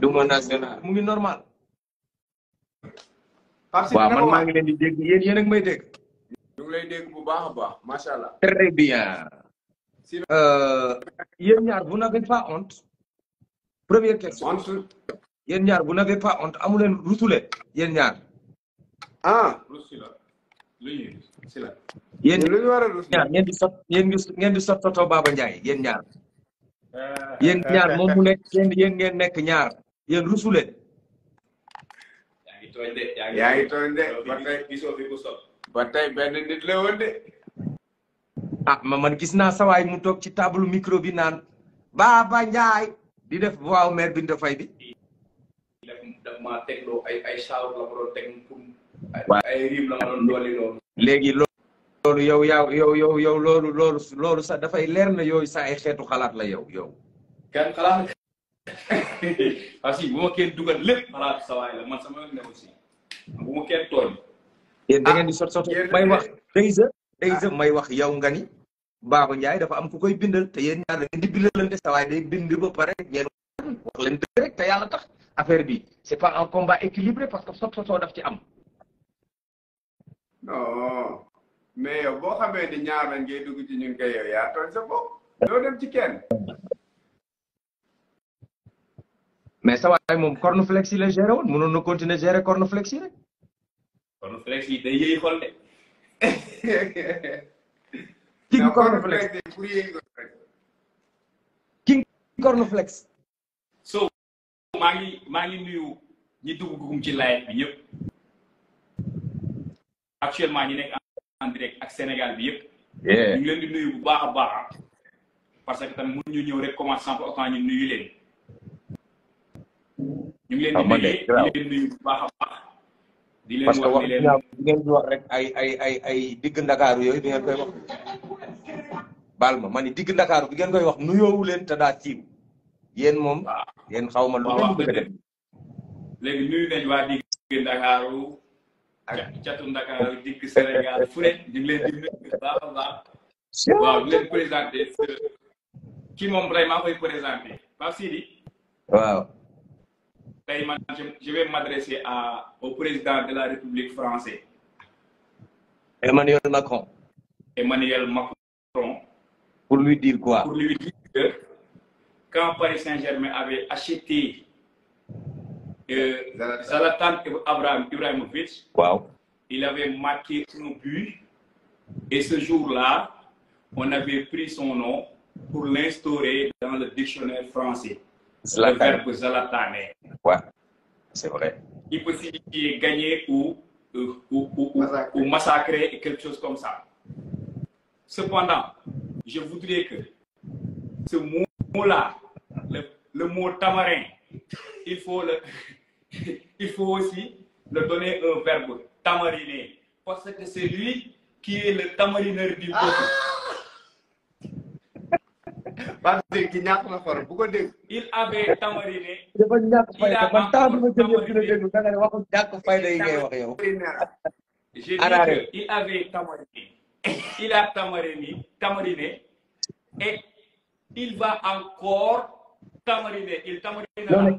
duma national mu ngi normal. waaw man maa ngi leen di dégg yéen yéen a ngi may dégg. ñu ngi lay dégg bu baax a baax macha allah. très bien. Euh, yéen ñaar vous n'avez pas honte. première question honte. yéen ñaar vous n'avez pas honte amu leen rusule yéen ñaar. ah. yéen ñaar ngeen di sot ngeen di sot Toto Baba Ndiaye yéen ñaar. yéen ñaar moom mu nekk kenn yéen ngeen nekk ñaar yéen rusuleen. yaa tooñ de ba tey benn nit la woon de. ah ma man gis naa sawaay mu toog ci table micro bi naan Baba Ndiaye di def waaw maire bi dafay bi. daf maa loolu yow yaa yow yow loolu loolu loolu sax dafay leer na yooyu sax ay xeetu xalaat la yow yow. kenn xalaat parce que bu ma kenn dugal lépp xalaat sawaay la man sama yoon ne aussi bu di may wax yow nga ni Babou Ndiaye dafa ku koy bindal te yéen ñaar da ngeen di bindalante sawaay day bind ba pare ngeen wax leen dëgg rek te yàlla tax affaire bi c'est pas un combat équilibré parce que sot soo daf ci am. non mais yow boo xamee ni ñaar lañ ngay dugg ci ñun kay yow yaa tooñ sa bopp doo dem ci kenn. mais sa waay moom cornflakes yi la géré woon mënoon na continuer gérer cornflakes yi rek. cornflakes yi day yëy xol de. king cornflakes king maa ngi maa ngi nuyu ñi dugg ci live bi ñëpp. actuellement en direct ak Sénégal bi yëpp. ñu leen di nuyu bu baax a baax. Ah. parce que tamit ñu ñëw rek commencé sans pour ñu nuyu leen. ñu di ah, nuyu leen parce que wax ngeen di wax rek ay ay ay ay digg ndakaaru yooyu di ma ma ni digg ndakaaru bi koy wax nuyoowu leen te daa ciib moom. waaw yéen xaw ma lu ngeen léegi nuyu nañ waa digg ndakaaru. ak catu Ndakaaru Sénégal fu ne ñu ngi leen di nuyu baax a baax waaw leen présenté kii moom vraiment koy présenté Pape Sidi waaw tey je vais m'adresser à président de la République française Emmanuel Macron Emmanuel Macron pour lui dire quoi pour lui dire quand Paris Saint-Germain avait acheté Zlatan Abraham Ibrahimovic. Wow. Il avait marqué son but. Et ce jour-là, on avait pris son nom pour l'instaurer dans le dictionnaire français. c'est vrai. Il peut signifier gagner ou, euh, ou, ou, ou, quelque chose comme ça. Cependant, je voudrais que ce mot-là, le mot tamarin, il faut le, il faut aussi le donner un verbe tamariner parce que c'est lui qui est le tamarineur du ah! peuple ki ñàkk na xor bu ko dégg il avait tamariné dafa ñàkk fayda man tax ma jëm yëpp dina déglu da nga ne waxu ñàkk fayda yi ngay wax et il va encore tamariner il tamarine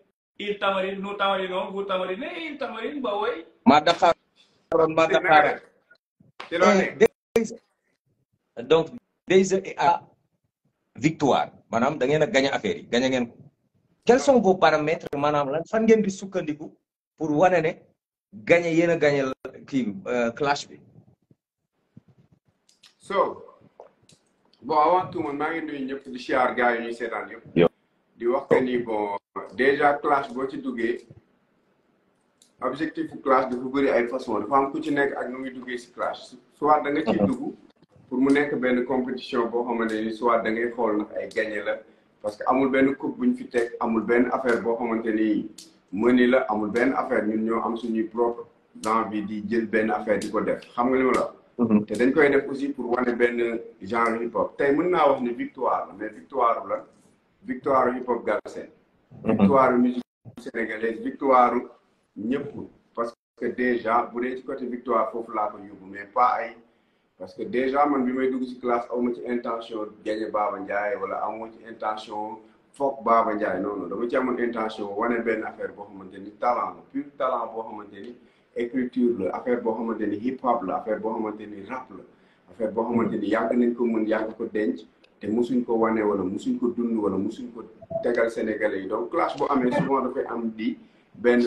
il tamarin nous tamarinons vous tamarinez il tamarin ba woy ma daxaaroon ma eh, daxaaroon donc des victoire maanaam dangeen a gañ affaire yi gañ ngeen ko quels sont maanaam lan fan ngeen di sukkandiku pour wane ne gañ yéen a gañ kii euh, clash bi so bon avant tout man maa ngi nuyu ñëpp di siyaar gars yi ñuy seetaan yëpp di wax que ni bon déjà classe boo ci duggee objectif classe dafa bëri ay façon dafa am ku ci nekk ak nu muy duggee si classe soit da nga ciy mhm. dugg pour mu nekk benn compétition boo xamante ni soit da ngay xool nag ay gagné la parce que amul benn bu ñu fi teg amul benn affaire boo xamante ni mëni la amul benn affaire ñun ñoo am suñuy propre envie di jël benn affaire di ko def xam nga li la mhm. te dañ koy def aussi pour wane benn genre mën naa wax ni victoire la la victoire hip hop Galsen victoire musique sénégalaise victoire ñëpp parce que déjà bu dee ci côté victoire foofu laa ko yóbbu mais pas ay parce que déjà man bi may dugg ci classe awma ci intention gagné Baba Ndiaye wala awma ci intention foog Baba Ndiaye non non dama ci amoon intention wane benn affaire boo xamante ni talent la pur talent boo xamante ni écriture la affaire boo xamante ni hip hop la affaire boo xamante ni rap la affaire boo xamante ni yàgg nañ ko ko denc te musuñ ko wane wala musuñ ko dund wala musuñ ko tegal sénégalais yi donc clash bu amee souvent dafay am di benn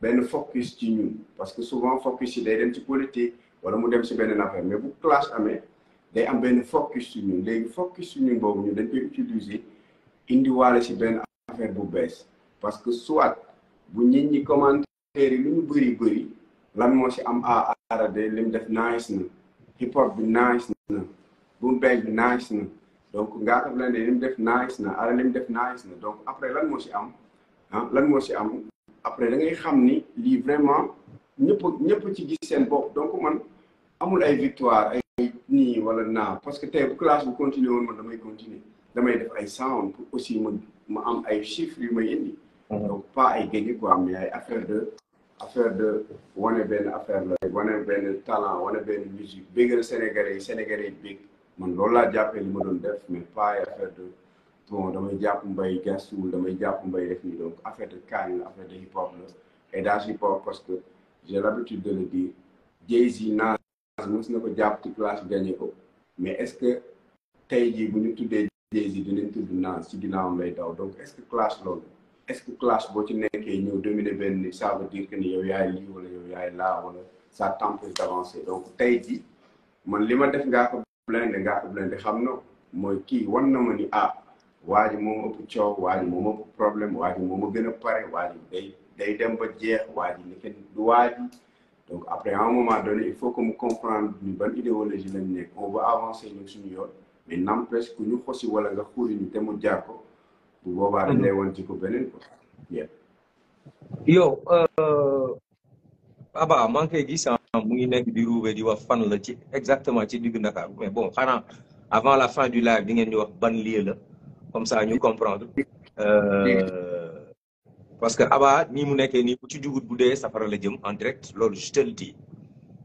benn focus ci ñun parce que souvent focus yi day dem ci politique wala mu dem ci benn affaire mais bu clash amee day am benn focus ci ñun léegi focus ci ñun boobu ñun dañ koy utiliser indiwaale si benn affaire bu bees parce que soit bu nit ñi commentaire yi lu ñu bëri bëri lan moo si am a aarade lim def nice na hip hop bi nice na boom bag donc ngaa xam la ne li mu def nice na ala li def nice na donc après lan moo si am ah lan moo si am après da ngay xam ni lii vraiment ñëpp ñëpp ci gis seen bopp donc man amul ay victoire ay nii wala naa parce que tey bu classe bu continuer woon man damay continuer damay def ay sound pour aussi ma ma am ay chiffres yu may indi mhm. donc pas ay gagné quoi am ay affaire de affaire de wane benn affaire la wane benn talent wane benn musique béggal sénégalais yi sénégalais yi man loolu laa jàppee li ma doon def mais pas affaire de bon damay jàpp mbay gestuwul damay jàpp mbay def nii donc affaire de kaay la affaire de hip hop la et dans hip hop parce que j'ai l'habitude de le dire Jay-Z Nas mos na ko jàpp ci classe gagné mais est-ce que tey jii bu ñu tuddee Jay-Z dinañ tudd Nas ci ginnaawam lay daw donc est-ce que classe loolu est classe boo ci nekkee ñëw dominer benn ni ça veut dire que ni yow yaay lii wala yow yaay laa wala ça t'empêche d'avancer donc tey jii man li ma def ngaa Blindé Ngaaka Blindé xam na mooy kii wan na ma ni a ah, waa ji moom ëpp coow waa ji moom ëpp problème waa ji moom a gën a pare waa ji day dem ba jeex waa ji kenn du waa ji donc après à un moment donné il faut que mu comprendre ñu ban idéologie lañ nekk on ba avancer ñun suñu yoon mais n'empêche ku ñu xosi wala nga xuuri ñu te mu jaar ko bu boobaa dañ lay wan ci ko beneen quoi. yow euh, Abba maa ngi mu ngi nekk di ruube di wax fan la ci exactement ci diggu Ndakaaru mais bon xanaa avant la fin du live di ngeen di wax ban lieu la comme ça ñu comprendre euh, parce que Aba ni mu nekkee nii ku ci jugut bu dee safara la jëm en direct loolu je te le dis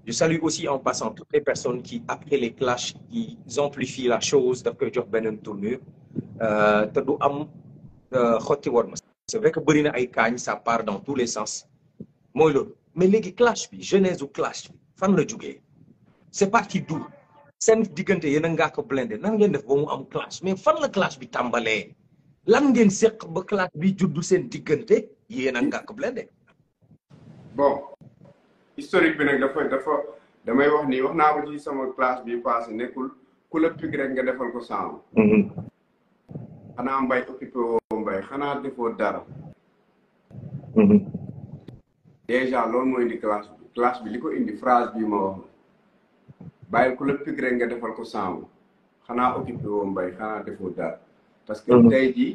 je salue aussi en passant toutes les personnes qui après les clashs qui amplifient la chose daf koy jox beneen tournure euh, te du am euh, xotti war ma c'est vrai que bëri na ay kaañ sa part dans tous les sens mooy loolu mais léegi clash bi genèse u clash fan la jógee c'est parti du seen diggante yéen a ngaa ko blindé nan ngeen def ba mu am clash mais fan la clash bi tàmbalee lan ngeen seq ba clash bi juddu seen diggante yéen a ngaa ko blindé bon historique bi nag dafa dafa damay wax ni wax naa ko ci sama classe bi passé nekkul ku la pig rek nga defal ko sànq. Mhm. xanaa mbay occupé woo mbay xanaa defoo dara. Mhm. déjà loolu mooy indi classe bi bi li ko indi phrase bi ma wax bàyyi ku la pig nga defal ko saamu xanaa occupé woo mbay xanaa defoo dara parce que mm-hmm. tey ji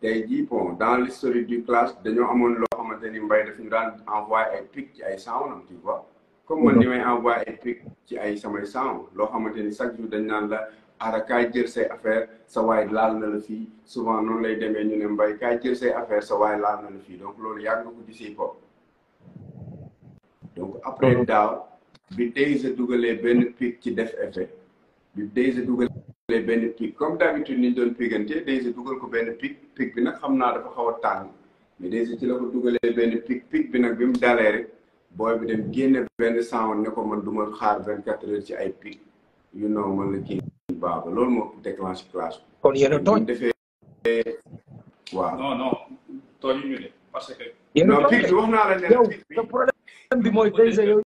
tey jii bon dans l'historique du classe dañoo amoon loo xamante ni mbay def ñu daal envoyé ay ci ay sawnam tu vois comme man mm-hmm. ni may envoyé ay ci ay samay saaw loo xamante ni chaque jour dañ naan la ara kaay jël say affaire sa waay laal na la fii souvent noonu lay demee ñu ne mbay kaay jël say affaire sa waay laal na donc loolu yàgg Facebook après daaw bi Deyza dugalee benn pic ci def effet bi Deyza dugalee benn pic comme d'habitude ni ñu doon pigante Deyza dugal ko benn pic pic bi nag xam naa xaw a tàng mais Deyza ci la ko dugalee benn pic pic bi nag bi mu dalee rek booy bi dem génne benn sanwoon ne ko man du ma xaar vingt quatre heures ci ay pic yu noo mën la kii baaba loolu moo déclenché classe kon yéen a tooñ defee waaw non non que non bi mooy